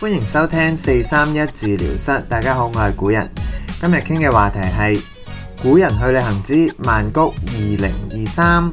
歡迎收聽四三一治療室，大家好，我係古人。今日傾嘅話題係古人去旅行之曼谷二零二三。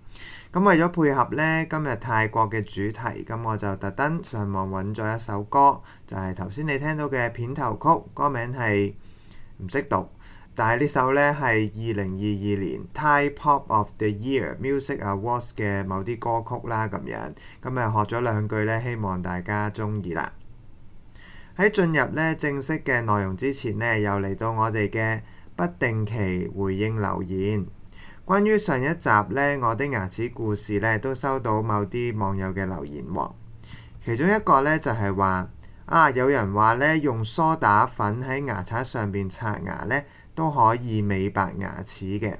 咁為咗配合呢今日泰國嘅主題，咁我就特登上網揾咗一首歌，就係頭先你聽到嘅片頭曲，歌名係唔識讀，但係呢首呢係二零二二年 Thai Pop of the Year Music Awards 嘅某啲歌曲啦，咁樣咁誒學咗兩句呢，希望大家鍾意啦。喺進入呢正式嘅內容之前呢，又嚟到我哋嘅不定期回應留言。關於上一集呢，我的牙齒故事呢都收到某啲網友嘅留言喎、哦。其中一個呢就係、是、話啊，有人話呢，用梳打粉喺牙刷上邊刷牙呢都可以美白牙齒嘅。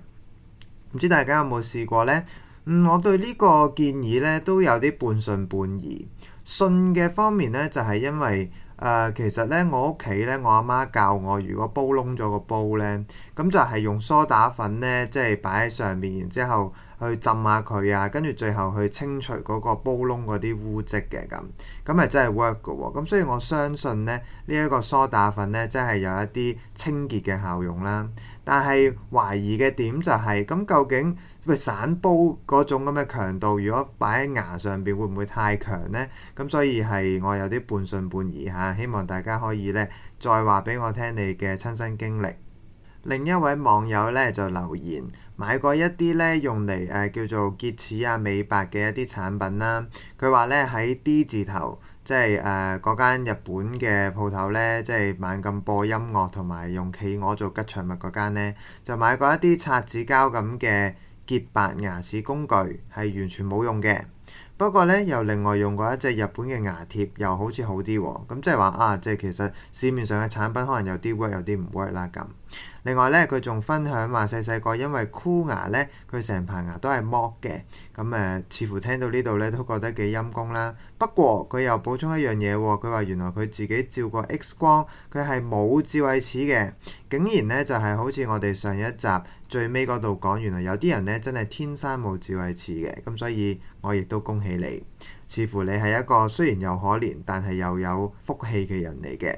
唔知大家有冇試過呢？嗯，我對呢個建議呢都有啲半信半疑。信嘅方面呢，就係、是、因為。誒、呃、其實呢，我屋企呢，我阿媽教我，如果煲燶咗個煲呢，咁就係用梳打粉呢，即係擺喺上面，然之後去浸下佢啊，跟住最後去清除嗰個煲燶嗰啲污漬嘅咁，咁咪真係 work 嘅喎。咁所以我相信呢，呢、這、一個梳打粉呢，真、就、係、是、有一啲清潔嘅效用啦。但係懷疑嘅點就係、是、咁，究竟散煲嗰種咁嘅強度，如果擺喺牙上邊，會唔會太強呢？咁所以係我有啲半信半疑嚇。希望大家可以呢，再話俾我聽你嘅親身經歷。另一位網友呢，就留言買過一啲呢，用嚟誒、呃、叫做潔齒啊、美白嘅一啲產品啦、啊。佢話呢，喺 D 字頭。即係誒嗰間日本嘅鋪頭呢，即係猛咁播音樂同埋用企鵝做吉祥物嗰間呢，就買過一啲擦紙膠咁嘅潔白牙齒工具，係完全冇用嘅。不過呢，又另外用過一隻日本嘅牙貼，又好似好啲喎、哦。咁即係話啊，即係其實市面上嘅產品可能有啲 work，有啲唔 work 啦咁。另外呢，佢仲分享話細細個因為箍牙呢，佢成排牙都係剝嘅，咁誒、呃，似乎聽到呢度呢都覺得幾陰公啦。不過佢又補充一樣嘢，佢話原來佢自己照過 X 光，佢係冇智慧齒嘅，竟然呢，就係、是、好似我哋上一集最尾嗰度講，原來有啲人呢真係天生冇智慧齒嘅，咁所以我亦都恭喜你，似乎你係一個雖然又可憐，但係又有福氣嘅人嚟嘅。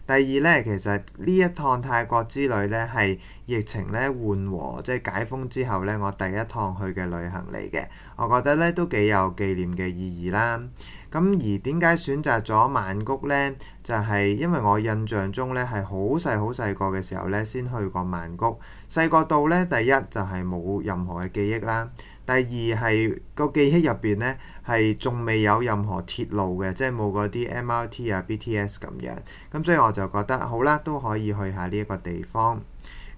第二呢，其實呢一趟泰國之旅呢係疫情呢緩和，即係解封之後呢，我第一趟去嘅旅行嚟嘅，我覺得呢都幾有紀念嘅意義啦。咁而點解選擇咗曼谷呢？就係因為我印象中呢係好細好細個嘅時候呢，先去過曼谷，細個到呢，第一就係冇任何嘅記憶啦。第二係個記憶入邊呢，係仲未有任何鐵路嘅，即係冇嗰啲 MRT 啊、BTS 咁樣。咁所以我就覺得好啦，都可以去下呢一個地方。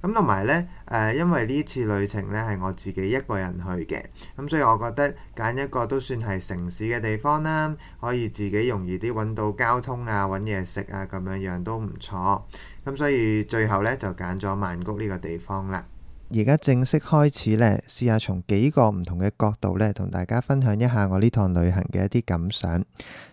咁同埋呢，誒、呃，因為呢次旅程呢係我自己一個人去嘅，咁所以我覺得揀一個都算係城市嘅地方啦，可以自己容易啲揾到交通啊、揾嘢食啊咁樣樣都唔錯。咁所以最後呢，就揀咗曼谷呢個地方啦。而家正式開始呢，試下從幾個唔同嘅角度呢，同大家分享一下我呢趟旅行嘅一啲感想。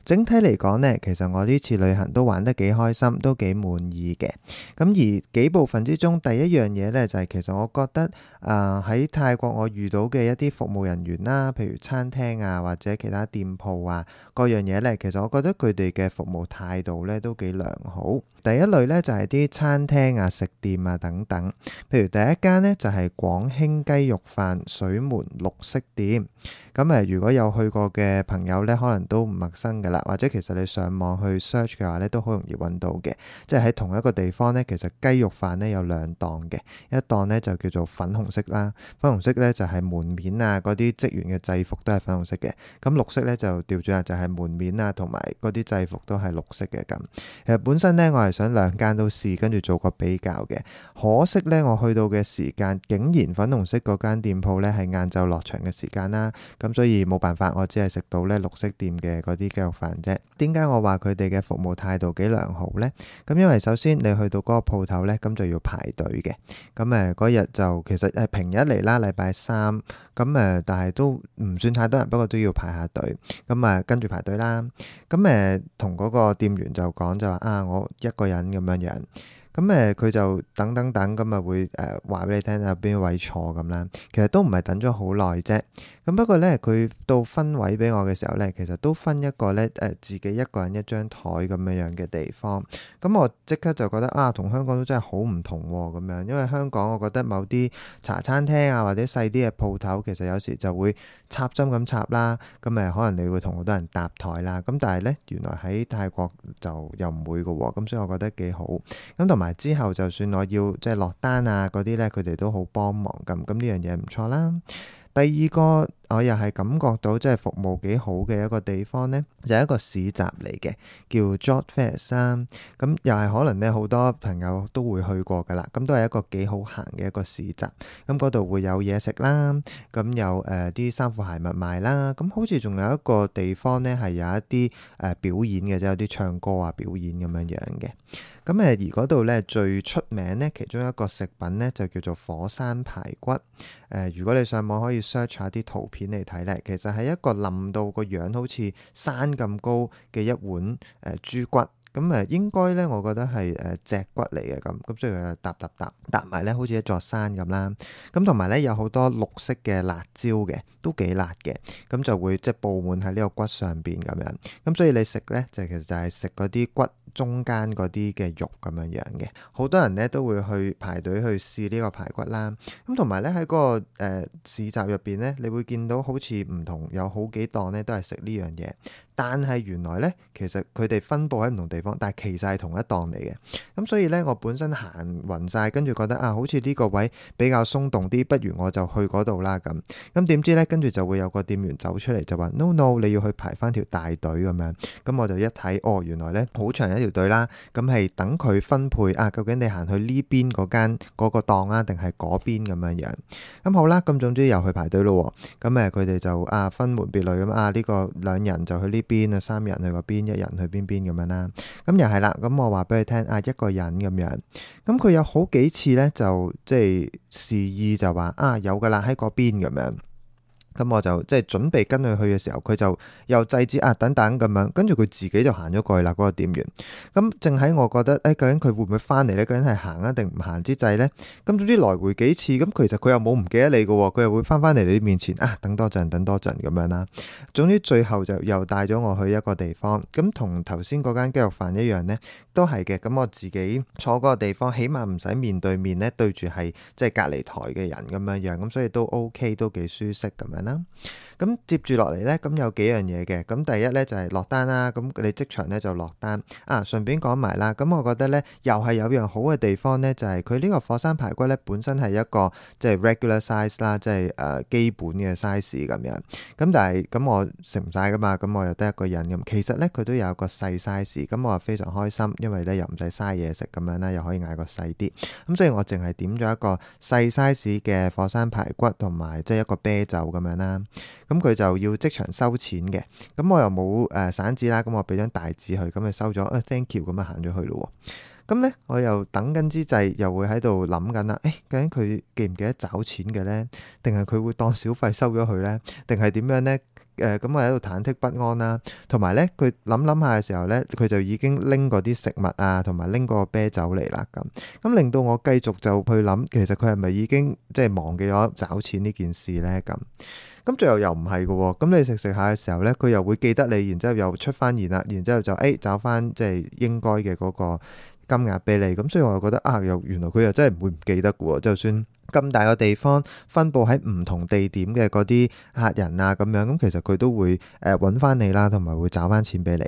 整體嚟講呢，其實我呢次旅行都玩得幾開心，都幾滿意嘅。咁而幾部分之中，第一樣嘢呢，就係其實我覺得。啊！喺泰國我遇到嘅一啲服務人員啦，譬如餐廳啊，或者其他店鋪啊，各樣嘢咧，其實我覺得佢哋嘅服務態度咧都幾良好。第一類咧就係啲餐廳啊、食店啊等等。譬如第一間呢，就係廣興雞肉飯水門綠色店。咁誒，如果有去過嘅朋友咧，可能都唔陌生㗎喇，或者其實你上網去 search 嘅話咧，都好容易揾到嘅。即係喺同一個地方咧，其實雞肉飯咧有兩檔嘅，一檔咧就叫做粉紅色啦，粉紅色呢，就係門面啊，嗰啲職員嘅制服都係粉紅色嘅。咁綠色呢，就調轉下，就係門面啊，同埋嗰啲制服都係綠色嘅咁。其實本身呢，我係想兩間都試，跟住做個比較嘅。可惜呢，我去到嘅時間，竟然粉紅色嗰間店鋪呢係晏晝落場嘅時間啦。咁所以冇辦法，我只係食到呢綠色店嘅嗰啲雞肉飯啫。點解我話佢哋嘅服務態度幾良好呢？咁因為首先你去到嗰個鋪頭呢，咁就要排隊嘅。咁誒嗰日就其實。係平日嚟啦，禮拜三咁誒、嗯，但係都唔算太多人，不過都要排下隊咁誒，跟住排隊啦。咁、嗯、誒，同嗰個店員就講就話啊，我一個人咁樣樣。咁、嗯、誒，佢、嗯、就等等等咁誒，會誒話俾你聽有邊位坐咁啦。其實都唔係等咗好耐啫。咁不過咧，佢到分位俾我嘅時候咧，其實都分一個咧誒、呃，自己一個人一張台咁樣樣嘅地方。咁我即刻就覺得啊，同香港都真係好唔同喎、啊、咁樣。因為香港我覺得某啲茶餐廳啊，或者細啲嘅鋪頭，其實有時就會插針咁插啦。咁誒，可能你會同好多人搭台啦。咁但係咧，原來喺泰國就又唔會嘅喎、啊。咁所以我覺得幾好。咁同埋之後，就算我要即係落單啊嗰啲咧，佢哋都好幫忙咁。咁呢樣嘢唔錯啦。第二個。我又係感覺到即係服務幾好嘅一個地方呢，就係一個市集嚟嘅，叫 Jodd Fairs、啊。咁又係可能呢，好多朋友都會去過噶啦，咁都係一個幾好行嘅一個市集。咁嗰度會有嘢食啦，咁、嗯、有誒啲衫褲鞋襪賣啦。咁、嗯、好似仲有一個地方呢，係有一啲誒表演嘅，即有啲唱歌啊表演咁樣樣嘅。咁、嗯、誒而嗰度呢，最出名呢，其中一個食品呢，就叫做火山排骨。誒、呃，如果你上網可以 search 下啲圖片。片嚟睇咧，其實係一個腍到個樣好似山咁高嘅一碗誒豬骨，咁誒應該咧，我覺得係誒脊骨嚟嘅，咁，咁所以佢搭搭搭搭埋咧，好似一座山咁啦，咁同埋咧有好多綠色嘅辣椒嘅，都幾辣嘅，咁就會即係佈滿喺呢個骨上邊咁樣，咁所以你食咧就其實就係食嗰啲骨。中間嗰啲嘅肉咁樣樣嘅，好多人咧都會去排隊去試呢個排骨啦。咁同埋咧喺嗰個、呃、市集入邊咧，你會見到好似唔同有好幾檔咧都係食呢樣嘢，但係原來咧其實佢哋分佈喺唔同地方，但係其實係同一檔嚟嘅。咁、嗯、所以咧我本身行暈晒，跟住覺得啊，好似呢個位比較鬆動啲，不如我就去嗰度啦咁。咁、嗯、點知咧跟住就會有個店員走出嚟就話：no no，你要去排翻條大隊咁樣。咁、嗯、我就一睇哦，原來咧好長一～條隊啦，咁係等佢分配啊。究竟你行去呢邊嗰間嗰、那個檔啊，定係嗰邊咁樣樣？咁、啊、好啦，咁總之又去排隊咯、哦。咁、啊、誒，佢哋就啊，分門別類咁啊。呢、這個兩人就去呢邊啊，三人去嗰邊，一人去邊邊咁樣、啊、啦。咁又係啦。咁我話俾你聽啊，一個人咁樣。咁、啊、佢有好幾次咧，就即係示意就話啊，有噶啦喺嗰邊咁樣。咁我就即係、就是、準備跟佢去嘅時候，佢就又制止啊等等咁樣，跟住佢自己就行咗過去啦，嗰個店員。咁正喺我覺得誒究竟佢會唔會翻嚟？咧究竟係行啊定唔行之際咧？咁總之來回幾次，咁其實佢又冇唔記得你噶，佢又會翻返嚟你面前啊等多陣，等多陣咁樣啦。總之最後就又帶咗我去一個地方，咁同頭先嗰間雞肉飯一樣咧，都係嘅。咁我自己坐嗰個地方，起碼唔使面對面咧，對住係即係隔離台嘅人咁樣樣，咁所以都 OK，都幾舒適咁樣。啦，咁接住落嚟咧，咁有幾樣嘢嘅，咁第一咧就係落單啦，咁你即場咧就落單啊，順便講埋啦，咁我覺得咧又係有樣好嘅地方咧，就係佢呢個火山排骨咧本身係一個即係 regular size 啦，即係誒基本嘅 size 咁樣，咁但係咁我食唔晒噶嘛，咁我又得一個人噶嘛，其實咧佢都有個細 size，咁我非常開心，因為咧又唔使嘥嘢食咁樣啦，又可以嗌個細啲，咁所以我淨係點咗一個細 size 嘅火山排骨同埋即係一個啤酒咁樣。啦，咁佢就要即場收錢嘅，咁我又冇誒散紙啦，咁我俾張大紙佢，咁佢收咗，啊 thank you 咁啊行咗去咯。咁咧、嗯，我又等緊之際，又會喺度諗緊啦。誒，究竟佢記唔記得找錢嘅咧？定係佢會當小費收咗佢咧？定係點樣咧？誒、呃，咁我喺度忐忑不安啦、啊。同埋咧，佢諗諗下嘅時候咧，佢就已經拎嗰啲食物啊，同埋拎個啤酒嚟啦。咁咁令到我繼續就去諗，其實佢係咪已經即係忘記咗找錢呢件事咧？咁咁最後又唔係嘅喎。咁你食食下嘅時候咧，佢又會記得你，然之後又出翻現啦，然之後就誒找翻即係應該嘅嗰個金額俾你，咁所以我又覺得啊，又原來佢又真係唔會唔記得嘅喎，就算。咁大個地方，分佈喺唔同地點嘅嗰啲客人啊，咁樣咁其實佢都會誒揾翻你啦，同埋會找翻錢俾你。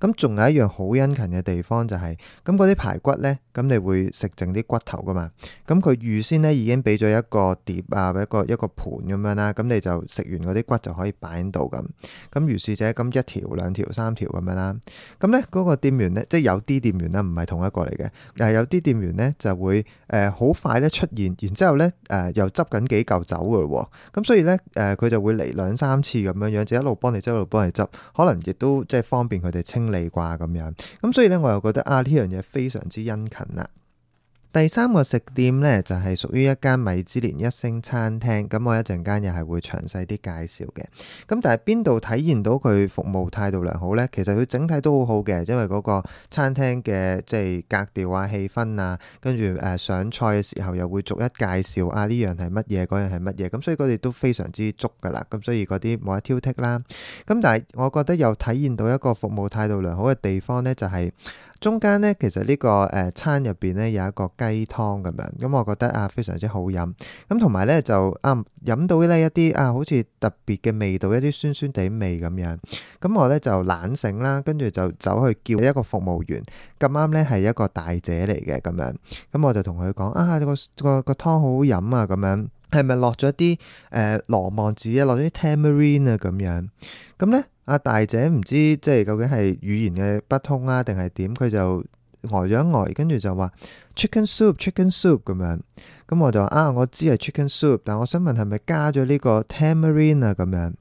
咁仲有一樣好殷勤嘅地方就係，咁嗰啲排骨咧，咁你會食剩啲骨頭噶嘛？咁佢預先咧已經俾咗一個碟啊，一個一個盤咁樣啦，咁你就食完嗰啲骨就可以擺喺度咁。咁如是者咁一條兩條三條咁樣啦。咁咧嗰個店員咧，即係有啲店員咧唔係同一個嚟嘅，但係有啲店員咧就會誒好快咧出現，然之後。咧、嗯，又執緊幾嚿酒嘅喎，咁所以咧，誒、呃、佢就會嚟兩三次咁樣樣，就一路幫你，一路幫你執，可能亦都即係方便佢哋清理啩咁樣，咁所以咧，我又覺得啊，呢樣嘢非常之殷勤啦、啊。第三個食店呢，就係屬於一間米芝蓮一星餐廳，咁我一陣間又係會詳細啲介紹嘅。咁但係邊度體現到佢服務態度良好呢？其實佢整體都好好嘅，因為嗰個餐廳嘅即係格調啊、氣氛啊，跟住誒上菜嘅時候又會逐一介紹啊，呢樣係乜嘢，嗰樣係乜嘢，咁所以佢哋都非常之足噶啦。咁所以嗰啲冇得挑剔啦。咁但係我覺得又體現到一個服務態度良好嘅地方呢，就係。中間咧，其實、這個呃、呢個誒餐入邊咧有一個雞湯咁樣，咁、嗯、我覺得啊非常之好飲。咁同埋咧就啊飲到咧一啲啊好似特別嘅味道，一啲酸酸哋味咁樣。咁、嗯、我咧就懶醒啦，跟住就走去叫一個服務員。咁啱咧係一個大姐嚟嘅咁樣，咁、嗯、我就同佢講啊，啊、這個、這個、這個湯、這個、好好飲啊咁樣，係咪落咗啲誒羅望子啊落咗啲 Tamarind 啊咁樣？咁咧。阿大姐唔知即係究竟係語言嘅不通啊，定係點？佢就呆咗一呆，跟住就話 chicken soup，chicken soup 咁樣。咁我就話啊，我知係 chicken soup，但我想問係咪加咗呢個 tamarine 啊咁樣。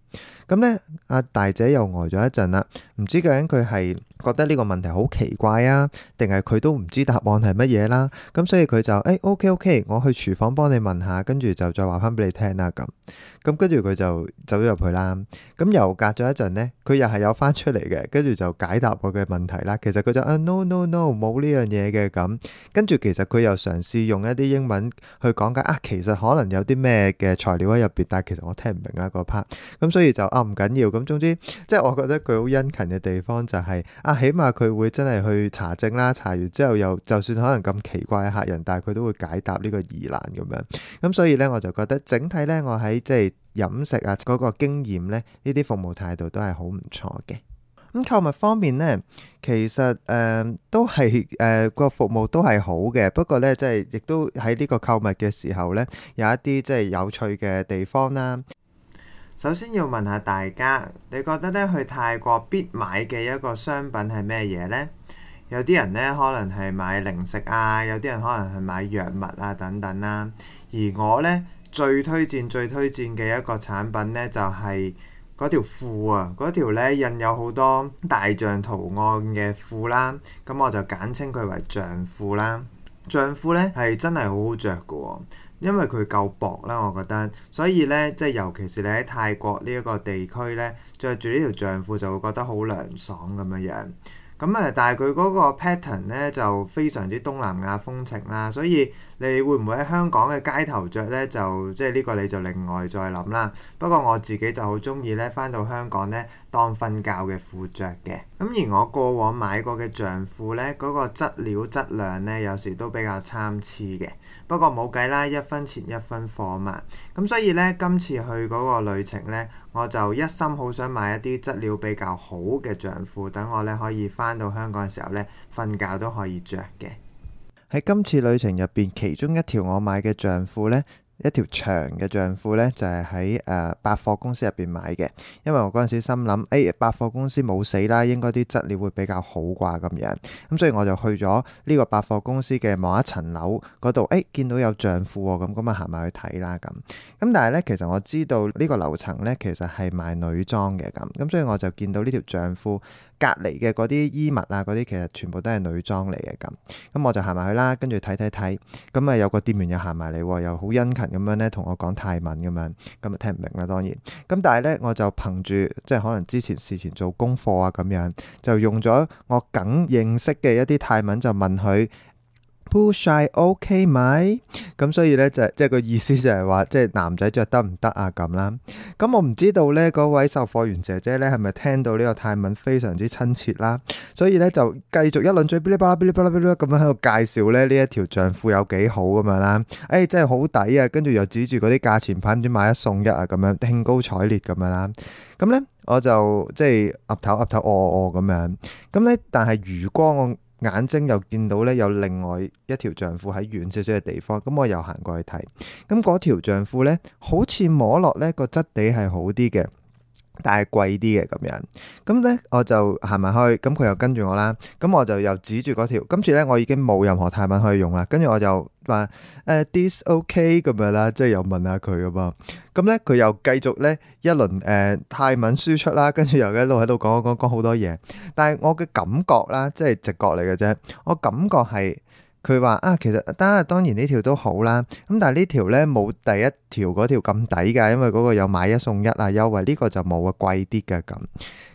咁咧，阿大姐又呆咗一陣啦，唔知究竟佢係覺得呢個問題好奇怪啊，定係佢都唔知答案係乜嘢啦。咁所以佢就誒 OK OK，我去廚房幫你問下，跟住就再話翻俾你聽啦咁。咁跟住佢就走咗入去啦。咁又隔咗一陣咧，佢又係有翻出嚟嘅。跟住就解答我嘅問題啦。其實佢就啊 no no no 冇呢樣嘢嘅咁。跟住其實佢又嘗試用一啲英文去講解啊，其實可能有啲咩嘅材料喺入邊，但係其實我聽唔明啦個 part。咁所以就啊唔緊要。咁總之即係我覺得佢好殷勤嘅地方就係啊，起碼佢會真係去查證啦。查完之後又就算可能咁奇怪嘅客人，但係佢都會解答呢個疑難咁樣。咁所以咧我就覺得整體咧我喺即係。飲食啊，嗰個經驗呢，呢啲服務態度都係好唔錯嘅。咁購物方面呢，其實誒都係誒個服務都係好嘅。不過呢，即係亦都喺呢個購物嘅時候呢，有一啲即係有趣嘅地方啦。首先要問下大家，你覺得呢去泰國必買嘅一個商品係咩嘢呢？有啲人呢可能係買零食啊，有啲人可能係買藥物啊等等啦。而我呢……最推薦、最推薦嘅一個產品呢，就係、是、嗰條褲啊，嗰條呢印有好多大象圖案嘅褲啦。咁我就簡稱佢為象褲啦。象褲呢係真係好好著嘅，因為佢夠薄啦，我覺得。所以呢，即係尤其是你喺泰國呢一個地區呢，着住呢條象褲就會覺得好涼爽咁樣樣。咁誒，但係佢嗰個 pattern 呢，就非常之東南亞風情啦，所以。你會唔會喺香港嘅街頭着呢？就即係呢個你就另外再諗啦。不過我自己就好中意呢翻到香港呢當瞓覺嘅褲着嘅。咁、嗯、而我過往買過嘅象褲呢，嗰、那個質料質量呢，有時都比較參差嘅。不過冇計啦，一分錢一分貨嘛。咁所以呢，今次去嗰個旅程呢，我就一心好想買一啲質料比較好嘅象褲，等我呢可以翻到香港嘅時候呢，瞓覺都可以着嘅。喺今次旅程入邊，其中一條我買嘅長褲呢，一條長嘅長褲呢，就係喺誒百貨公司入邊買嘅。因為我嗰陣時心諗，誒、哎、百貨公司冇死啦，應該啲質料會比較好啩咁樣。咁所以我就去咗呢個百貨公司嘅某一層樓嗰度，誒、哎、見到有長褲喎，咁咁啊行埋去睇啦咁。咁但係呢，其實我知道呢個樓層呢，其實係賣女裝嘅咁，咁所以我就見到呢條長褲。隔離嘅嗰啲衣物啊，嗰啲其實全部都係女裝嚟嘅咁，咁我就行埋去啦，跟住睇睇睇，咁啊有個店員又行埋嚟喎，又好殷勤咁樣咧同我講泰文咁樣，咁啊聽唔明啦當然，咁但係咧我就憑住即係可能之前事前做功課啊咁樣，就用咗我梗認識嘅一啲泰文就問佢。Pushy，OK 咪？咁所以咧，就即係個意思就係話，即係男仔着得唔得啊？咁啦。咁我唔知道咧，嗰位售貨員姐姐咧，係咪聽到呢個泰文非常之親切啦？所以咧，就繼續一輪嘴嗶哩叭啦、嗶哩叭啦、嗶哩啦咁樣喺度介紹咧呢一條象褲有幾好咁樣啦。誒，真係好抵啊！跟住又指住嗰啲價錢牌，唔知買一送一啊咁樣，興高采烈咁樣啦。咁咧，我就即係岌頭岌頭，哦哦我咁樣。咁咧，但係餘光，眼睛又見到咧，有另外一條長褲喺遠少少嘅地方，咁我又行過去睇，咁嗰條長褲咧，好似摸落咧個質地係好啲嘅。但係貴啲嘅咁樣，咁咧我就行埋去，咁佢又跟住我啦，咁我就又指住嗰條，今次咧我已經冇任何泰文可以用啦，跟住我就話誒、uh, this okay 咁樣啦，即係又問下佢噉啊，咁咧佢又繼續咧一輪誒、uh, 泰文輸出啦，跟住又一路喺度講講講好多嘢，但係我嘅感覺啦，即係直覺嚟嘅啫，我感覺係。佢話啊，其實得當然呢條都好啦，咁但係呢條咧冇第一條嗰條咁抵噶，因為嗰個有買一送一啊優惠，呢個就冇啊貴啲噶咁。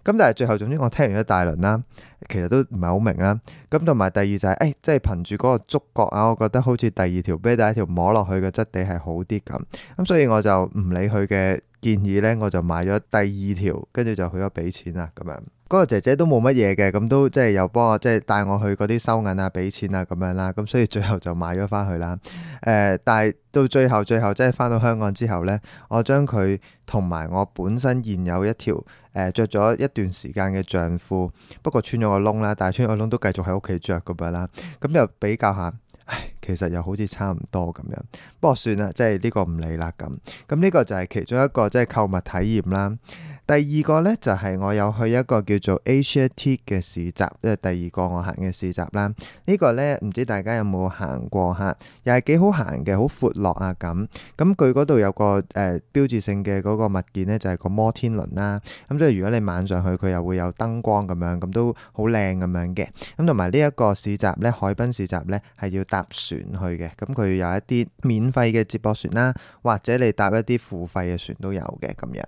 咁但係最後總之我聽完咗大輪啦，其實都唔係好明啦。咁同埋第二就係，誒，即係憑住嗰個觸覺啊，我覺得好似第二條比第一條摸落去嘅質地係好啲咁。咁所以我就唔理佢嘅建議咧，我就買咗第二條，跟住就去咗俾錢啦咁樣。嗰個姐姐都冇乜嘢嘅，咁都即係又幫我即係、就是、帶我去嗰啲收銀啊、俾錢啊咁樣啦，咁所以最後就買咗翻去啦。誒、呃，但係到最後，最後即係翻到香港之後呢，我將佢同埋我本身現有一條誒著咗一段時間嘅長褲，不過穿咗個窿啦，但係穿咗個窿都繼續喺屋企着咁樣啦。咁又比較下，唉，其實又好似差唔多咁樣。不過算啦，即係呢個唔理啦咁。咁呢個就係其中一個即係、就是、購物體驗啦。第二個咧就係、是、我有去一個叫做 Asiatique 嘅市集，即係第二個我行嘅市集啦。這個、呢個咧唔知大家有冇行過嚇，又係幾好行嘅，好闊落啊咁。咁佢嗰度有個誒、呃、標誌性嘅嗰個物件咧，就係、是、個摩天輪啦。咁、嗯、即係如果你晚上去，佢又會有燈光咁樣，咁都好靚咁樣嘅。咁同埋呢一個市集咧，海濱市集咧係要搭船去嘅。咁佢有一啲免費嘅接駁船啦，或者你搭一啲付費嘅船都有嘅咁樣。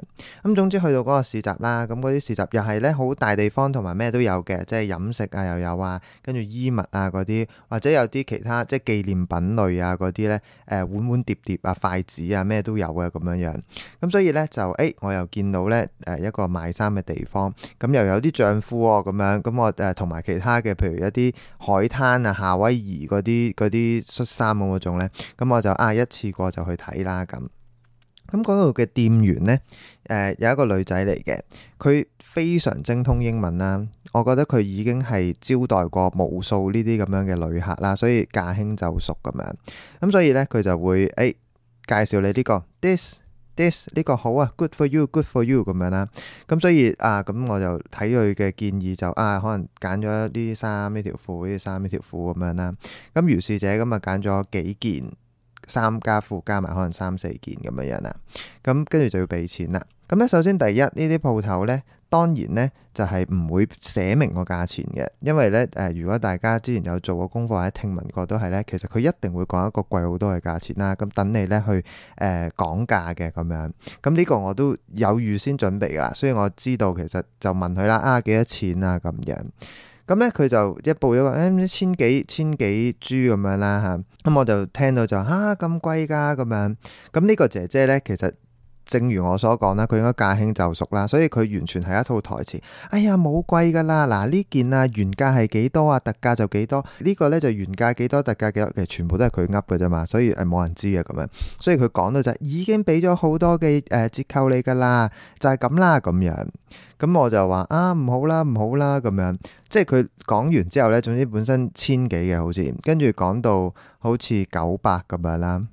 咁總之去到。嗰個市集啦、啊，咁嗰啲市集又係咧好大地方，同埋咩都有嘅，即係飲食啊又有啊，跟住衣物啊嗰啲，或者有啲其他即係紀念品類啊嗰啲咧，誒碗碗碟碟碟啊、筷子啊咩都有啊，咁樣樣。咁所以咧就誒、哎，我又見到咧誒一個賣衫嘅地方，咁又有啲長褲喎咁樣，咁我誒同埋其他嘅，譬如一啲海灘啊、夏威夷嗰啲嗰啲恤衫咁嗰種咧，咁我就啊一次過就去睇啦咁。咁嗰度嘅店員呢，誒、呃、有一個女仔嚟嘅，佢非常精通英文啦。我覺得佢已經係招待過無數呢啲咁樣嘅旅客啦，所以駕輕就熟咁樣。咁、嗯、所以呢，佢就會誒、欸、介紹你呢、這個 this this 呢、這個好啊，good for you，good for you 咁樣啦。咁、嗯、所以啊，咁我就睇佢嘅建議就啊，可能揀咗呢啲衫呢條褲呢啲衫呢條褲咁樣啦。咁、嗯、如是者咁啊揀咗幾件。三家加褲加埋可能三四件咁樣樣啦，咁跟住就要俾錢啦。咁咧首先第一呢啲鋪頭咧，當然咧就係唔會寫明個價錢嘅，因為咧誒，如果大家之前有做過功課或者聽聞過都係咧，其實佢一定會講一個貴好多嘅價錢啦。咁等你咧去誒、呃、講價嘅咁樣。咁、這、呢個我都有預先準備噶啦，所以我知道其實就問佢啦，啊幾多錢啊咁樣。咁咧佢就一報咗個誒千幾千幾 G 咁樣啦嚇，咁、啊嗯、我就聽到就哈，咁貴㗎咁樣，咁、嗯、呢、嗯這個姐姐咧其實。正如我所講啦，佢應該駕輕就熟啦，所以佢完全係一套台詞。哎呀，冇貴噶啦，嗱呢件啊原價係幾多啊？特價就幾多？呢個呢，就原價幾多，特價幾多？其實全部都係佢噏嘅啫嘛，所以係冇人知嘅咁樣。所以佢講到就係、已經俾咗好多嘅誒折扣你噶啦，就係咁啦咁樣。咁我就話啊唔好啦，唔好啦咁樣。即係佢講完之後呢，總之本身千幾嘅好似，跟住講到好似九百咁樣啦。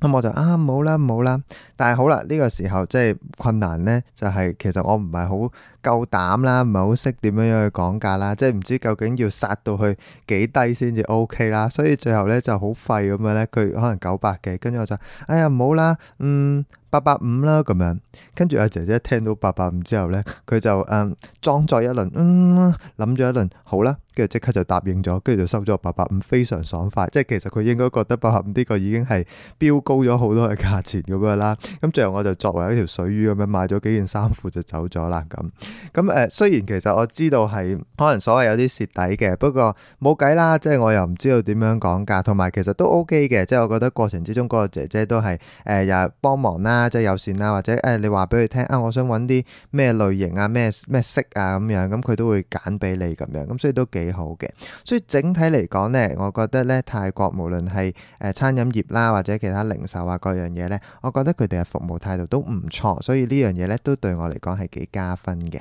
咁我就啊冇啦冇啦，但係好啦，呢、呢個時候即係困難咧，就係、是、其實我唔係好夠膽啦，唔係好識點樣樣去講價啦，即係唔知究竟要殺到去幾低先至 OK 啦，所以最後咧就好廢咁樣咧，佢可能九百幾，跟住我就，哎呀唔好啦，嗯八百五啦咁樣，跟住阿姐姐聽到八百五之後咧，佢就嗯裝作一輪，嗯諗咗一輪，好啦，跟住即刻就答應咗，跟住就收咗八百五，非常爽快，即係其實佢應該覺得八百五呢個已經係飆高咗好多嘅價錢咁樣啦，咁最後我就作為一條水魚咁樣買咗幾件衫褲就走咗啦咁。咁誒、嗯，雖然其實我知道係可能所謂有啲蝕底嘅，不過冇計啦，即係我又唔知道點樣講價，同埋其實都 OK 嘅，即係我覺得過程之中嗰個姐姐都係誒又幫忙啦，即係友善啦，或者誒、呃、你話俾佢聽啊，我想揾啲咩類型啊，咩咩色啊咁樣，咁佢都會揀俾你咁樣，咁所以都幾好嘅。所以整體嚟講咧，我覺得咧泰國無論係誒、呃、餐飲業啦，或者其他零售啊各樣嘢咧，我覺得佢哋嘅服務態度都唔錯，所以呢樣嘢咧都對我嚟講係幾加分嘅。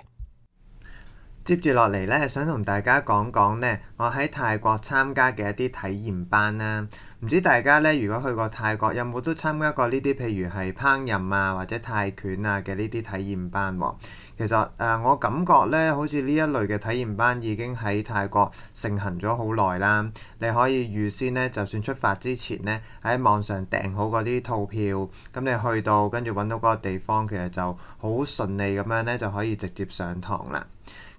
接住落嚟呢，想同大家講講呢，我喺泰國參加嘅一啲體驗班啦、啊。唔知大家呢，如果去過泰國，有冇都參加過呢啲，譬如係烹飪啊或者泰拳啊嘅呢啲體驗班、啊？其實誒、呃，我感覺呢，好似呢一類嘅體驗班已經喺泰國盛行咗好耐啦。你可以預先呢，就算出發之前呢，喺網上訂好嗰啲套票，咁你去到跟住搵到嗰個地方，其實就好順利咁樣呢，就可以直接上堂啦。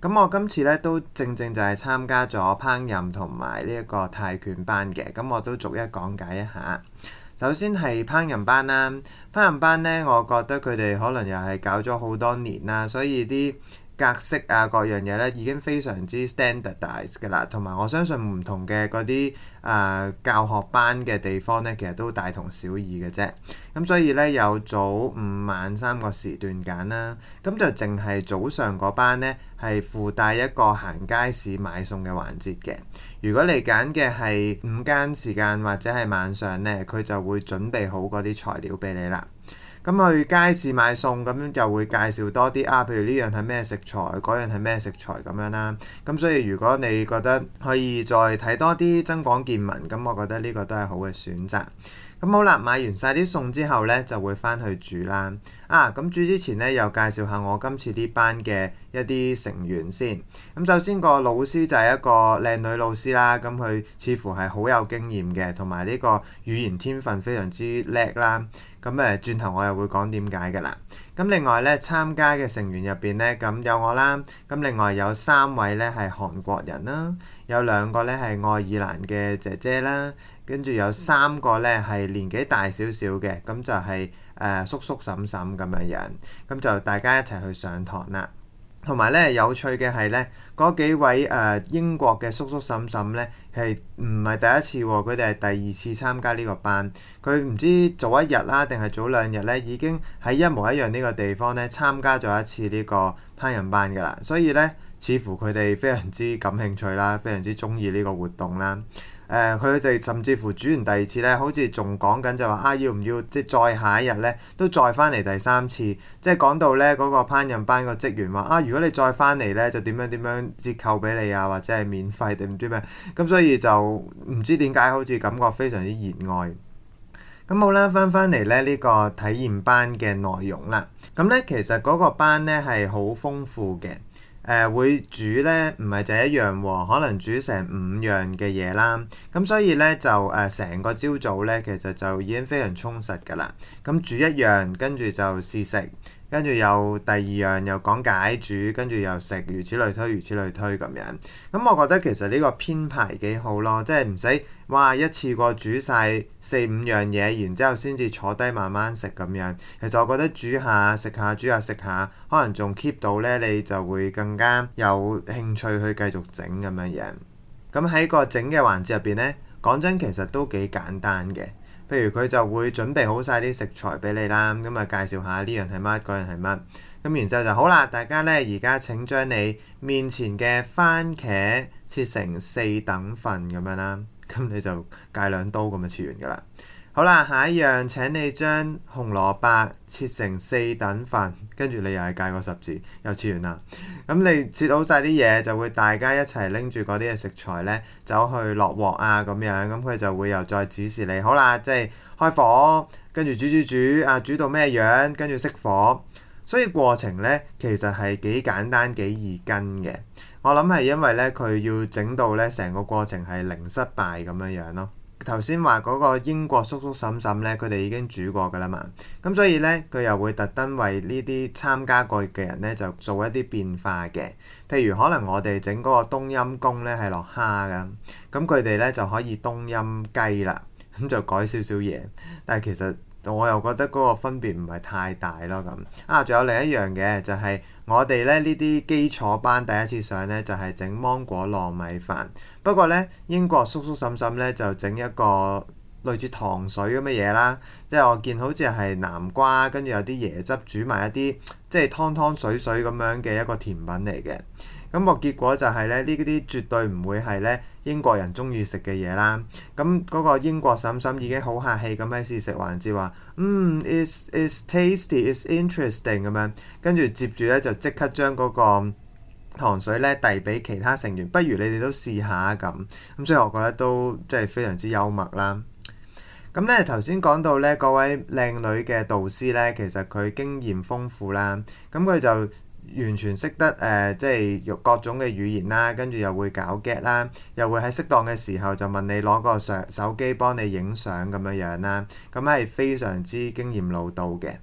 咁我今次呢都正正就係參加咗烹飪同埋呢一個泰拳班嘅，咁我都逐一講解一下。首先係烹飪班啦，烹飪班呢，我覺得佢哋可能又係搞咗好多年啦，所以啲格式啊，各樣嘢呢已經非常之 standardize 嘅啦，同埋我相信唔同嘅嗰啲啊教學班嘅地方呢，其實都大同小異嘅啫。咁所以呢，有早、午、晚三個時段揀啦，咁就淨係早上嗰班呢，係附帶一個行街市買餸嘅環節嘅。如果你揀嘅係午間時間或者係晚上呢，佢就會準備好嗰啲材料俾你啦。咁去街市買餸，咁樣就會介紹多啲啊。譬如呢樣係咩食材，嗰樣係咩食材，咁樣啦。咁所以如果你覺得可以再睇多啲增廣見聞，咁我覺得呢個都係好嘅選擇。咁好啦，買完晒啲餸之後呢，就會翻去煮啦。啊，咁煮之前呢，又介紹下我今次呢班嘅一啲成員先。咁首先個老師就係一個靚女老師啦，咁佢似乎係好有經驗嘅，同埋呢個語言天分非常之叻啦。咁誒，轉頭我又會講點解嘅啦。咁另外呢，參加嘅成員入邊呢，咁有我啦。咁另外有三位呢係韓國人啦，有兩個呢係愛爾蘭嘅姐姐啦。跟住有三個呢係年紀大少少嘅，咁就係、是、誒、呃、叔叔嬸嬸咁樣人，咁就大家一齊去上堂啦。同埋呢，有趣嘅係呢，嗰幾位誒、呃、英國嘅叔叔嬸嬸呢，係唔係第一次喎？佢哋係第二次參加呢個班。佢唔知早一日啦，定係早兩日呢，已經喺一模一樣呢個地方呢參加咗一次呢個烹飪班㗎啦。所以呢，似乎佢哋非常之感興趣啦，非常之中意呢個活動啦。誒，佢哋甚至乎煮完第二次呢，好似仲講緊就話啊，要唔要即係再下一日呢，都再翻嚟第三次，即係講到呢嗰、嗰個烹飪班個職員話啊，如果你再翻嚟呢，就點樣點樣折扣俾你啊，或者係免費定唔知咩，咁所以就唔知點解好似感覺非常之熱愛。咁好啦，翻翻嚟呢呢、呢個體驗班嘅內容啦。咁呢其實嗰個班呢係好豐富嘅。誒、呃、會煮呢唔係就一樣喎，可能煮成五樣嘅嘢啦。咁所以呢，就誒成、呃、個朝早呢，其實就已經非常充實㗎啦。咁煮一樣，跟住就試食。跟住又第二樣又講解煮，跟住又食，如此類推，如此類推咁樣。咁、嗯、我覺得其實呢個編排幾好咯，即係唔使哇一次過煮晒四五樣嘢，然之後先至坐低慢慢食咁樣。其實我覺得煮下食下煮下食下，可能仲 keep 到呢，你就會更加有興趣去繼續整咁樣嘢。咁、嗯、喺個整嘅環節入邊呢，講真其實都幾簡單嘅。譬如佢就會準備好晒啲食材俾你啦，咁啊介紹下呢樣係乜，嗰樣係乜，咁然之後就好啦。大家呢，而家請將你面前嘅番茄切成四等份咁樣啦，咁你就介兩刀咁啊切完㗎啦。好啦，下一樣請你將紅蘿蔔切成四等份，跟住你又係界個十字又切完啦。咁你切好晒啲嘢，就會大家一齊拎住嗰啲嘅食材呢走去落鑊啊咁樣。咁佢就會又再指示你，好啦，即係開火，跟住煮煮煮啊，煮到咩樣，跟住熄火。所以過程呢，其實係幾簡單幾易跟嘅。我諗係因為呢，佢要整到呢成個過程係零失敗咁樣樣咯。頭先話嗰個英國叔叔嬸嬸呢，佢哋已經煮過噶啦嘛，咁所以呢佢又會特登為呢啲參加過嘅人呢就做一啲變化嘅，譬如可能我哋整嗰個冬陰功呢係落蝦噶，咁佢哋呢就可以冬陰雞啦，咁就改少少嘢，但係其實我又覺得嗰個分別唔係太大咯咁。啊，仲有另一樣嘅就係。我哋咧呢啲基礎班第一次上呢，就係、是、整芒果糯米飯，不過呢，英國叔叔嬸嬸呢，就整一個類似糖水咁嘅嘢啦，即係我見好似係南瓜跟住有啲椰汁煮埋一啲即係湯湯水水咁樣嘅一個甜品嚟嘅，咁、那個結果就係呢，呢啲絕對唔會係呢。英國人鍾意食嘅嘢啦，咁嗰個英國嬸嬸已經好客氣咁喺試食環節話，嗯，It's it's tasty, it's interesting 咁樣，跟住接住呢，就即刻將嗰個糖水呢遞俾其他成員，不如你哋都試下咁，咁所以我覺得都真係非常之幽默啦。咁呢頭先講到呢，嗰位靚女嘅導師呢，其實佢經驗豐富啦，咁佢就。完全識得誒、呃，即係用各種嘅語言啦，跟住又會搞 get 啦，又會喺適當嘅時候就問你攞個上手機幫你影相咁樣樣啦，咁係非常之經驗老到嘅。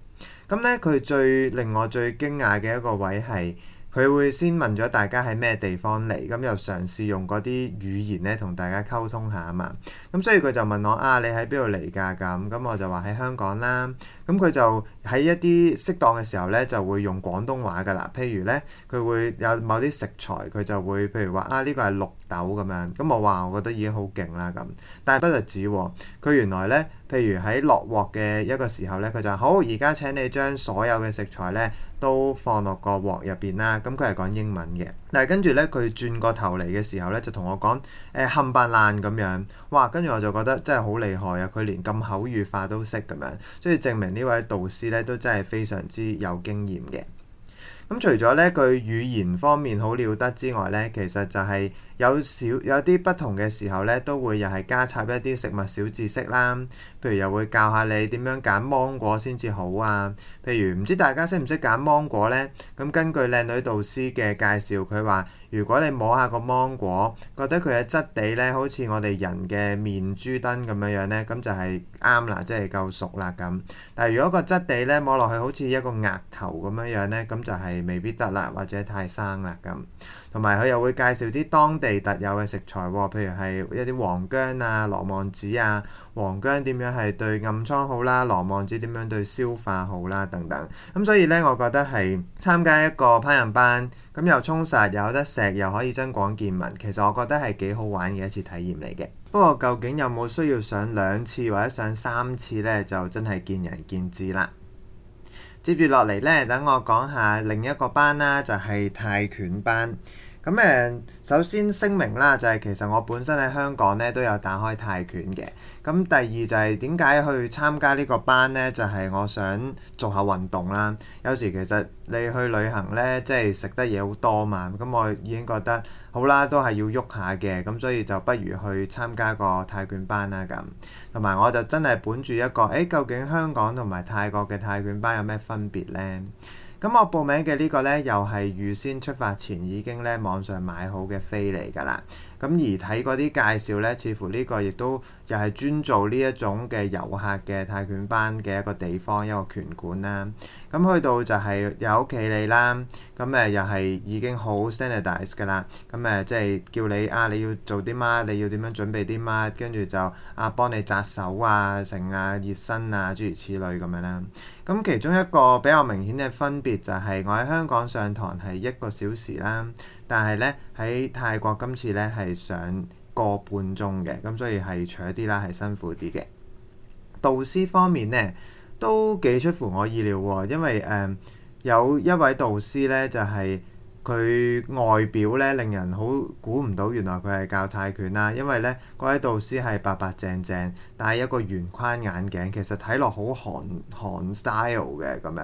咁呢，佢最令我最驚訝嘅一個位係。佢會先問咗大家喺咩地方嚟，咁又嘗試用嗰啲語言咧同大家溝通下啊嘛，咁所以佢就問我啊，你喺邊度嚟㗎？咁咁我就話喺香港啦。咁佢就喺一啲適當嘅時候咧，就會用廣東話㗎啦。譬如咧，佢會有某啲食材，佢就會譬如話啊，呢個係綠豆咁樣。咁我話我覺得已經好勁啦咁。但係不就止喎、啊，佢原來咧，譬如喺落鑊嘅一個時候咧，佢就話好，而家請你將所有嘅食材咧。都放落個鑊入邊啦，咁佢係講英文嘅，但係跟住呢，佢轉個頭嚟嘅時候呢，就同我講誒冚唪唥咁樣，哇！跟住我就覺得真係好厲害啊，佢連咁口語化都識咁樣，所以證明呢位導師呢都真係非常之有經驗嘅。咁除咗呢佢語言方面好了得之外呢，其實就係、是。有少有啲不同嘅時候呢，都會又係加插一啲食物小知識啦。譬如又會教下你點樣揀芒果先至好啊。譬如唔知大家識唔識揀芒果呢？咁根據靚女導師嘅介紹，佢話如果你摸下個芒果，覺得佢嘅質地呢好似我哋人嘅面珠墩咁樣樣呢，咁就係啱啦，即係夠熟啦咁。但係如果個質地呢摸落去好似一個額頭咁樣樣呢，咁就係未必得啦，或者太生啦咁。同埋佢又會介紹啲當地特有嘅食材喎，譬如係一啲黃薑啊、羅望子啊，黃薑點樣係對暗瘡好啦、啊，羅望子點樣對消化好啦、啊、等等。咁、嗯、所以呢，我覺得係參加一個烹飪班，咁、嗯、又充實，又有得食，又可以增廣見聞，其實我覺得係幾好玩嘅一次體驗嚟嘅。不過究竟有冇需要上兩次或者上三次呢？就真係見仁見智啦。接住落嚟呢，等我講下另一個班啦，就係、是、泰拳班。咁誒，首先聲明啦，就係其實我本身喺香港咧都有打開泰拳嘅。咁第二就係點解去參加呢個班呢？就係我想做下運動啦。有時其實你去旅行呢，即係食得嘢好多嘛。咁我已經覺得好啦，都係要喐下嘅。咁所以就不如去參加個泰拳班啦。咁同埋我就真係本住一個，誒，究竟香港同埋泰國嘅泰拳班有咩分別呢？咁我報名嘅呢個呢，又係預先出發前已經呢網上買好嘅飛嚟㗎啦。咁而睇嗰啲介紹呢，似乎呢個亦都又係專做呢一種嘅遊客嘅泰拳班嘅一個地方，一個拳館啦。咁去到就係有企你啦。咁誒又係已經好 standardised 㗎啦。咁誒即係叫你啊，你要做啲乜？你要點樣準備啲乜？跟住就啊，幫你紮手啊、成啊、熱身啊，諸如此類咁樣啦。咁其中一個比較明顯嘅分別就係我喺香港上堂係一個小時啦，但係呢喺泰國今次呢係上個半鐘嘅，咁所以係長啲啦，係辛苦啲嘅。導師方面呢都幾出乎我意料喎，因為誒、呃、有一位導師呢就係、是。佢外表咧令人好估唔到，原來佢係教泰拳啦，因為咧嗰位導師係白白淨淨，戴一個圓框眼鏡，其實睇落好韓韓 style 嘅咁樣，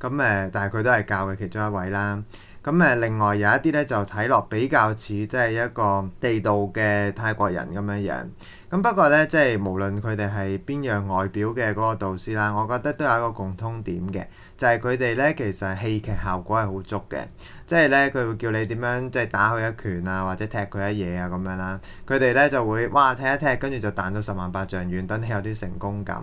咁誒，但係佢都係教嘅其中一位啦。咁誒，另外有一啲咧就睇落比較似即係一個地道嘅泰國人咁樣樣。咁不過咧，即係無論佢哋係邊樣外表嘅嗰個導師啦，我覺得都有一個共通點嘅，就係佢哋咧其實戲劇效果係好足嘅。即係咧，佢會叫你點樣即係打佢一拳啊，或者踢佢一嘢啊咁樣啦。佢哋咧就會哇踢一踢，跟住就彈到十萬八丈遠，等你有啲成功感。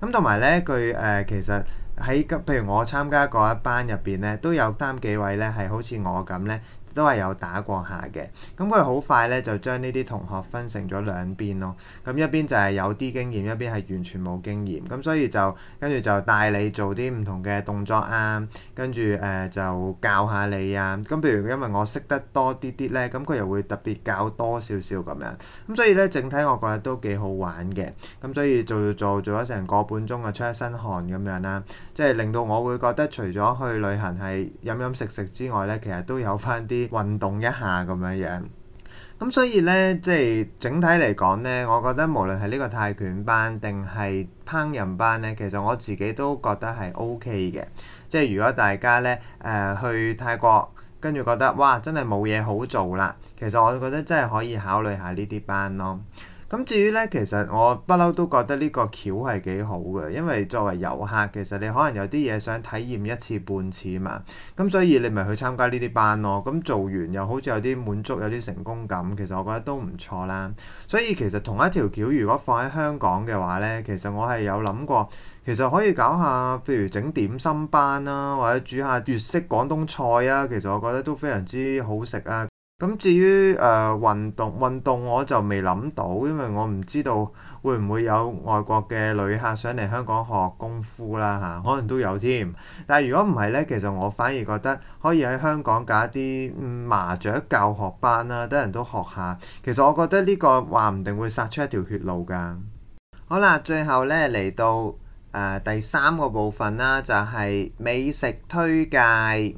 咁同埋咧，佢誒、呃、其實。喺譬如我參加嗰一班入邊呢，都有三幾位呢，係好似我咁呢，都係有打過下嘅。咁佢好快呢，就將呢啲同學分成咗兩邊咯。咁一邊就係有啲經驗，一邊係完全冇經驗。咁所以就跟住就帶你做啲唔同嘅動作啊，跟住誒、呃、就教下你啊。咁譬如因為我識得多啲啲呢，咁佢又會特別教多少少咁樣。咁所以呢，整體我覺得都幾好玩嘅。咁所以做做做咗成個半鐘啊，出一身汗咁樣啦。即係令到我會覺得除咗去旅行係飲飲食食之外呢，其實都有返啲運動一下咁樣樣。咁所以呢，即係整體嚟講呢，我覺得無論係呢個泰拳班定係烹飪班呢，其實我自己都覺得係 OK 嘅。即係如果大家呢誒、呃、去泰國跟住覺得哇，真係冇嘢好做啦，其實我覺得真係可以考慮下呢啲班咯。咁至於呢，其實我不嬲都覺得呢個橋係幾好嘅，因為作為遊客，其實你可能有啲嘢想體驗一次半次嘛。咁所以你咪去參加呢啲班咯。咁做完又好似有啲滿足，有啲成功感，其實我覺得都唔錯啦。所以其實同一條橋，如果放喺香港嘅話呢，其實我係有諗過，其實可以搞下，譬如整點心班啦、啊，或者煮下粵式廣東菜啊。其實我覺得都非常之好食啊！咁至於誒、呃、運動運動我就未諗到，因為我唔知道會唔會有外國嘅旅客想嚟香港學功夫啦嚇、啊，可能都有添。但係如果唔係呢，其實我反而覺得可以喺香港搞啲、嗯、麻雀教學班啦，等人都學下。其實我覺得呢個話唔定會殺出一條血路㗎。好啦，最後呢嚟到、呃、第三個部分啦，就係、是、美食推介。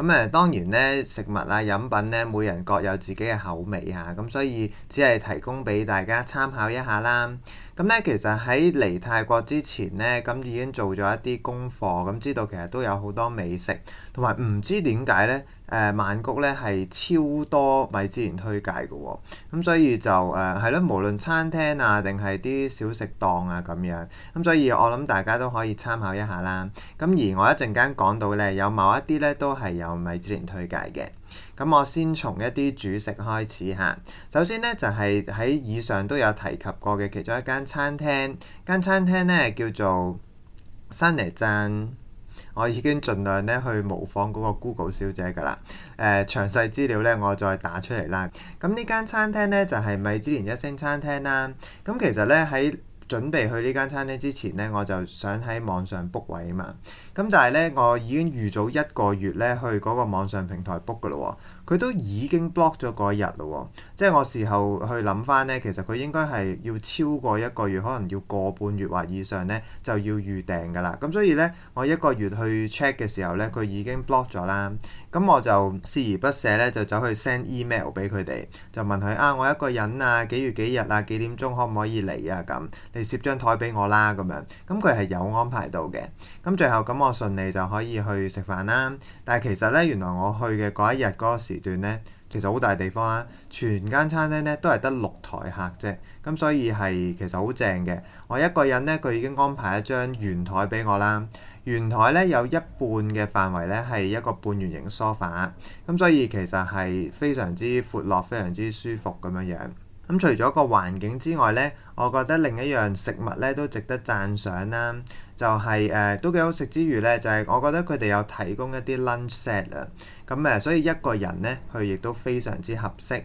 咁啊，當然咧，食物啊、飲品咧，每人各有自己嘅口味啊，咁所以只係提供俾大家參考一下啦。咁咧，其實喺嚟泰國之前咧，咁已經做咗一啲功課，咁知道其實都有好多美食，同埋唔知點解咧。誒曼、呃、谷呢係超多米芝蓮推介嘅喎，哦，咁所以就誒係咯，無論餐廳啊定係啲小食檔啊咁樣，咁所以我諗大家都可以參考一下啦。咁而我一陣間講到呢，有某一啲呢都係有米芝蓮推介嘅。咁我先從一啲主食開始吓。首先呢，就係、是、喺以上都有提及過嘅其中一間餐廳，間餐廳呢叫做新尼鎮。我已經盡量咧去模仿嗰個 Google 小姐噶啦，誒、呃、詳細資料呢，我再打出嚟啦。咁呢間餐廳呢，就係、是、米芝蓮一星餐廳啦。咁其實呢，喺準備去呢間餐廳之前呢，我就想喺網上 book 位啊嘛。咁但係呢，我已經預早一個月呢，去嗰個網上平台 book 噶啦喎。佢都已經 block 咗嗰一日咯喎，即係我事後去諗翻呢，其實佢應該係要超過一個月，可能要個半月或以上呢，就要預訂噶啦。咁所以呢，我一個月去 check 嘅時候呢，佢已經 block 咗啦。咁我就鍥而不捨呢，就走去 send email 俾佢哋，就問佢啊，我一個人啊，幾月幾日啊，幾點鐘可唔可以嚟啊？咁，你攝張台俾我啦，咁樣。咁佢係有安排到嘅。咁最後咁我順利就可以去食飯啦。但係其實呢，原來我去嘅嗰一日嗰個時段呢，其實好大地方啦、啊。全間餐廳呢都係得六台客啫，咁所以係其實好正嘅。我一個人呢，佢已經安排一張圓台俾我啦。圓台呢有一半嘅範圍呢係一個半圓形梳化，咁所以其實係非常之闊落、非常之舒服咁樣樣。咁除咗個環境之外呢，我覺得另一樣食物呢都值得讚賞啦。就係、是、誒、呃、都幾好食之餘呢，就係、是、我覺得佢哋有提供一啲 lunch set 啊，咁誒所以一個人呢，佢亦都非常之合適。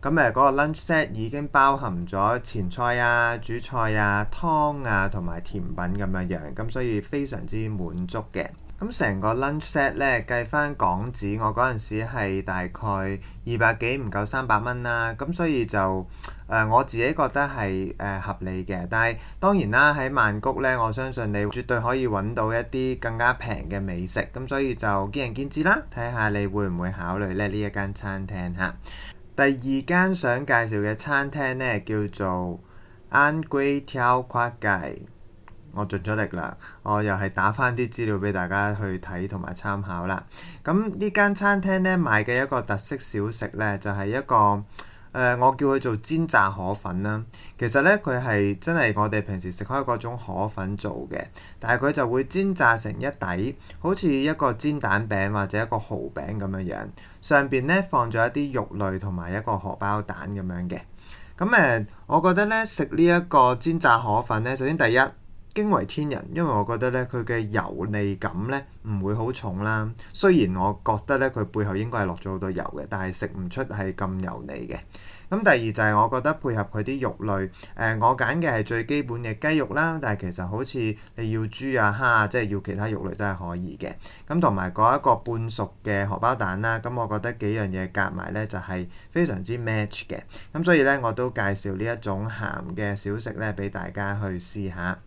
咁誒嗰個 lunch set 已經包含咗前菜啊、主菜啊、湯啊同埋甜品咁樣樣，咁、啊、所以非常之滿足嘅。咁成個 lunch set 呢計翻港紙，我嗰陣時係大概二百幾唔夠三百蚊啦，咁所以就誒、呃、我自己覺得係誒、呃、合理嘅。但係當然啦，喺曼谷呢，我相信你絕對可以揾到一啲更加平嘅美食，咁所以就見仁見智啦，睇下你會唔會考慮咧呢一間餐廳嚇。第二間想介紹嘅餐廳呢，叫做 Ann Guay Tiew Kua Gai。我盡咗力啦，我又係打返啲資料俾大家去睇同埋參考啦。咁呢間餐廳呢，賣嘅一個特色小食呢，就係、是、一個誒、呃，我叫佢做煎炸河粉啦。其實呢，佢係真係我哋平時食開嗰種河粉做嘅，但係佢就會煎炸成一底，好似一個煎蛋餅或者一個蠔餅咁樣樣。上邊呢，放咗一啲肉類同埋一個荷包蛋咁樣嘅。咁誒，我覺得呢，食呢一個煎炸河粉呢，首先第一，驚為天人，因為我覺得呢，佢嘅油膩感呢唔會好重啦。雖然我覺得呢，佢背後應該係落咗好多油嘅，但係食唔出係咁油膩嘅。咁第二就係我覺得配合佢啲肉類，誒，我揀嘅係最基本嘅雞肉啦。但係其實好似你要豬啊、蝦啊，即係要其他肉類都係可以嘅。咁同埋嗰一個半熟嘅荷包蛋啦。咁我覺得幾樣嘢夾埋呢就係非常之 match 嘅。咁所以呢，我都介紹呢一種鹹嘅小食呢俾大家去試下。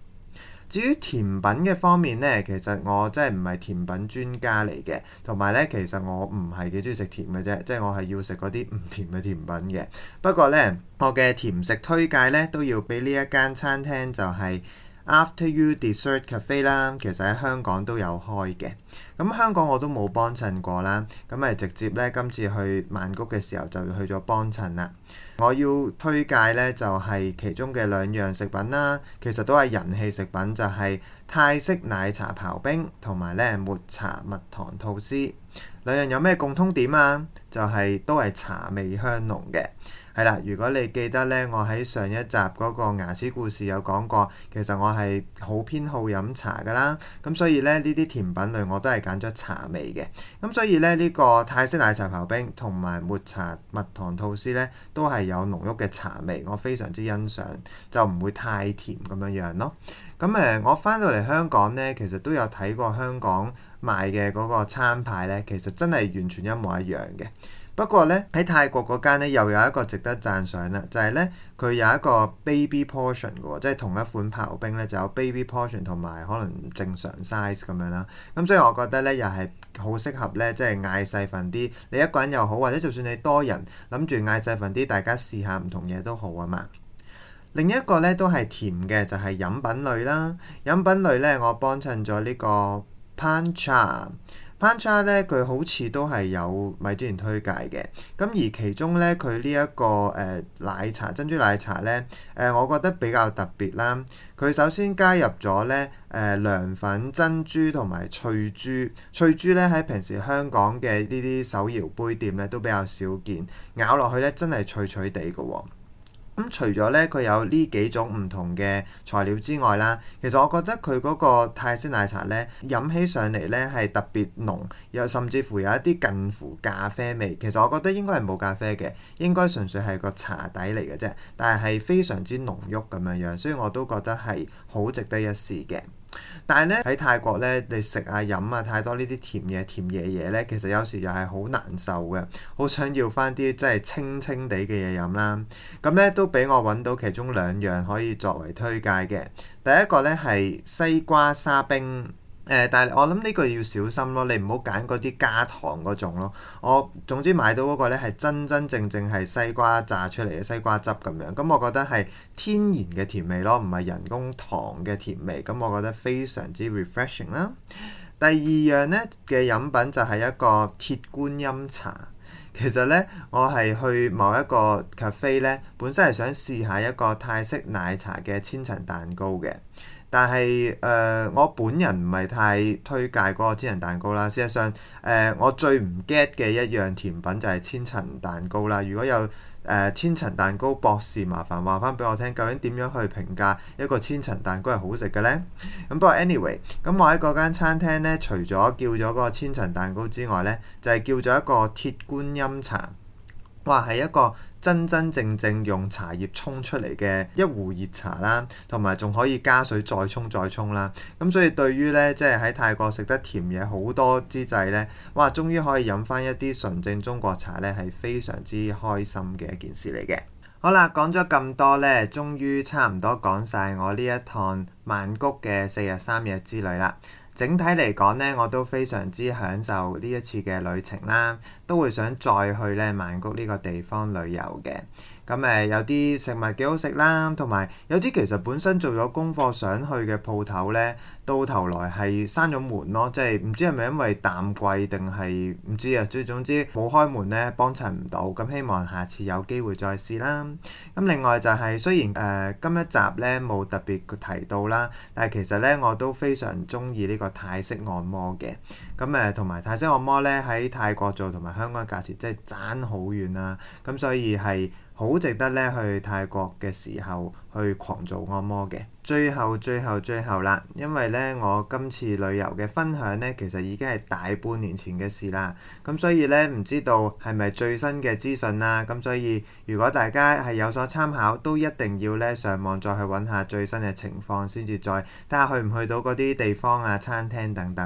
至於甜品嘅方面呢，其實我真係唔係甜品專家嚟嘅，同埋呢，其實我唔係幾中意食甜嘅啫，即係我係要食嗰啲唔甜嘅甜品嘅。不過呢，我嘅甜食推介呢，都要俾呢一間餐廳，就係 After you dessert cafe 啦，其實喺香港都有開嘅。咁香港我都冇幫襯過啦，咁咪直接呢，今次去曼谷嘅時候就去咗幫襯啦。我要推介呢就係其中嘅兩樣食品啦，其實都係人氣食品，就係泰式奶茶刨冰同埋呢抹茶蜜糖吐司。兩樣有咩共通點啊？就係都係茶味香濃嘅。係啦，如果你記得呢，我喺上一集嗰個牙齒故事有講過，其實我係好偏好飲茶噶啦，咁所以呢，呢啲甜品類我都係揀咗茶味嘅，咁所以呢，呢個泰式奶茶刨冰同埋抹茶蜜糖吐司呢，都係有濃郁嘅茶味，我非常之欣賞，就唔會太甜咁樣樣咯。咁誒，我翻到嚟香港呢，其實都有睇過香港賣嘅嗰個餐牌呢，其實真係完全一模一樣嘅。不過呢，喺泰國嗰間呢又有一個值得讚賞啦，就係、是、呢，佢有一個 baby portion 嘅喎，即係同一款刨冰呢，就有 baby portion 同埋可能正常 size 咁樣啦。咁、嗯、所以我覺得呢，又係好適合呢，即係嗌細份啲，你一個人又好，或者就算你多人諗住嗌細份啲，大家試下唔同嘢都好啊嘛。另一個呢，都係甜嘅，就係、是、飲品類啦。飲品類呢，我幫襯咗呢個 Pang Cha。Pang Cha 咧，佢好似都係有米芝蓮推介嘅。咁而其中咧，佢呢一個誒、呃、奶茶珍珠奶茶咧，誒、呃、我覺得比較特別啦。佢首先加入咗咧誒涼粉珍珠同埋脆珠，脆珠咧喺平時香港嘅呢啲手搖杯店咧都比較少見，咬落去咧真係脆脆地嘅喎。咁、嗯、除咗呢，佢有呢幾種唔同嘅材料之外啦，其實我覺得佢嗰個泰式奶茶呢，飲起上嚟呢係特別濃，又甚至乎有一啲近乎咖啡味。其實我覺得應該係冇咖啡嘅，應該純粹係個茶底嚟嘅啫，但係係非常之濃郁咁樣樣，所以我都覺得係好值得一試嘅。但係咧，喺泰國咧，你食下飲啊，啊太多呢啲甜嘢甜嘢嘢咧，其實有時又係好難受嘅，好想要翻啲真係清清地嘅嘢飲啦。咁咧都俾我揾到其中兩樣可以作為推介嘅。第一個咧係西瓜沙冰。誒、呃，但係我諗呢個要小心咯，你唔好揀嗰啲加糖嗰種咯。我總之買到嗰個呢係真真正正係西瓜榨出嚟嘅西瓜汁咁樣，咁、嗯、我覺得係天然嘅甜味咯，唔係人工糖嘅甜味。咁、嗯、我覺得非常之 refreshing 啦。第二樣呢嘅飲品就係一個鐵觀音茶。其實呢，我係去某一個 cafe 呢，本身係想試下一個泰式奶茶嘅千層蛋糕嘅。但係誒、呃，我本人唔係太推介嗰個千層蛋糕啦。事實上，誒、呃、我最唔 get 嘅一樣甜品就係千層蛋糕啦。如果有誒、呃、千層蛋糕博士，麻煩話返俾我聽，究竟點樣去評價一個千層蛋糕係好食嘅呢？咁不過 anyway，咁我喺嗰間餐廳呢，除咗叫咗個千層蛋糕之外呢，就係、是、叫咗一個鐵觀音茶。哇！係一個真真正正用茶葉沖出嚟嘅一壺熱茶啦，同埋仲可以加水再沖再沖啦。咁所以對於呢，即係喺泰國食得甜嘢好多之際呢，哇！終於可以飲翻一啲純正中國茶呢，係非常之開心嘅一件事嚟嘅。好啦，講咗咁多呢，終於差唔多講晒我呢一趟曼谷嘅四日三夜之旅啦。整體嚟講呢，我都非常之享受呢一次嘅旅程啦，都會想再去呢曼谷呢個地方旅遊嘅。咁誒有啲食物幾好食啦，同埋有啲其實本身做咗功課想去嘅鋪頭呢，到頭來係閂咗門咯，即係唔知係咪因為淡季定係唔知啊。即係總之冇開門呢，幫襯唔到。咁希望下次有機會再試啦。咁另外就係、是、雖然誒、呃、今一集呢冇特別提到啦，但係其實呢我都非常中意呢個泰式按摩嘅。咁誒同埋泰式按摩呢，喺泰國做同埋香港嘅價錢真係爭好遠啦。咁所以係。好值得咧，去泰國嘅時候。去狂做按摩嘅，最後最後最後啦，因為咧我今次旅遊嘅分享咧，其實已經係大半年前嘅事啦，咁所以咧唔知道係咪最新嘅資訊啦，咁所以如果大家係有所參考，都一定要咧上網再去揾下最新嘅情況先至再睇下去唔去到嗰啲地方啊、餐廳等等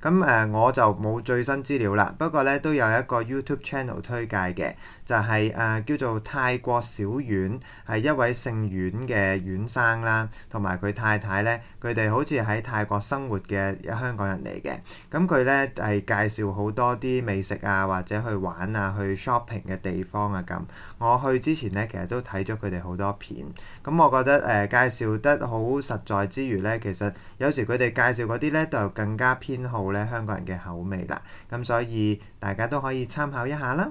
咁、啊、誒、呃、我就冇最新資料啦，不過咧都有一個 YouTube channel 推介嘅，就係、是、誒、呃、叫做泰國小丸係一位姓餘。院嘅院生啦，同埋佢太太呢，佢哋好似喺泰國生活嘅香港人嚟嘅。咁佢呢，係介紹好多啲美食啊，或者去玩啊，去 shopping 嘅地方啊咁。我去之前呢，其實都睇咗佢哋好多片。咁我覺得誒、呃、介紹得好實在之餘呢，其實有時佢哋介紹嗰啲呢，就更加偏好呢香港人嘅口味啦。咁所以大家都可以參考一下啦。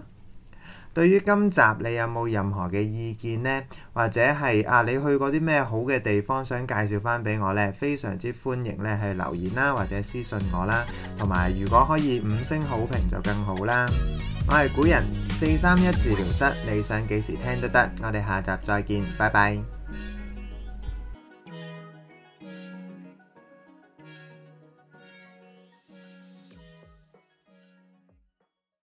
對於今集你有冇任何嘅意見呢？或者係啊你去過啲咩好嘅地方想介紹翻俾我呢？非常之歡迎咧去留言啦，或者私信我啦，同埋如果可以五星好評就更好啦。我係古人四三一治療室，你想幾時聽都得，我哋下集再見，拜拜。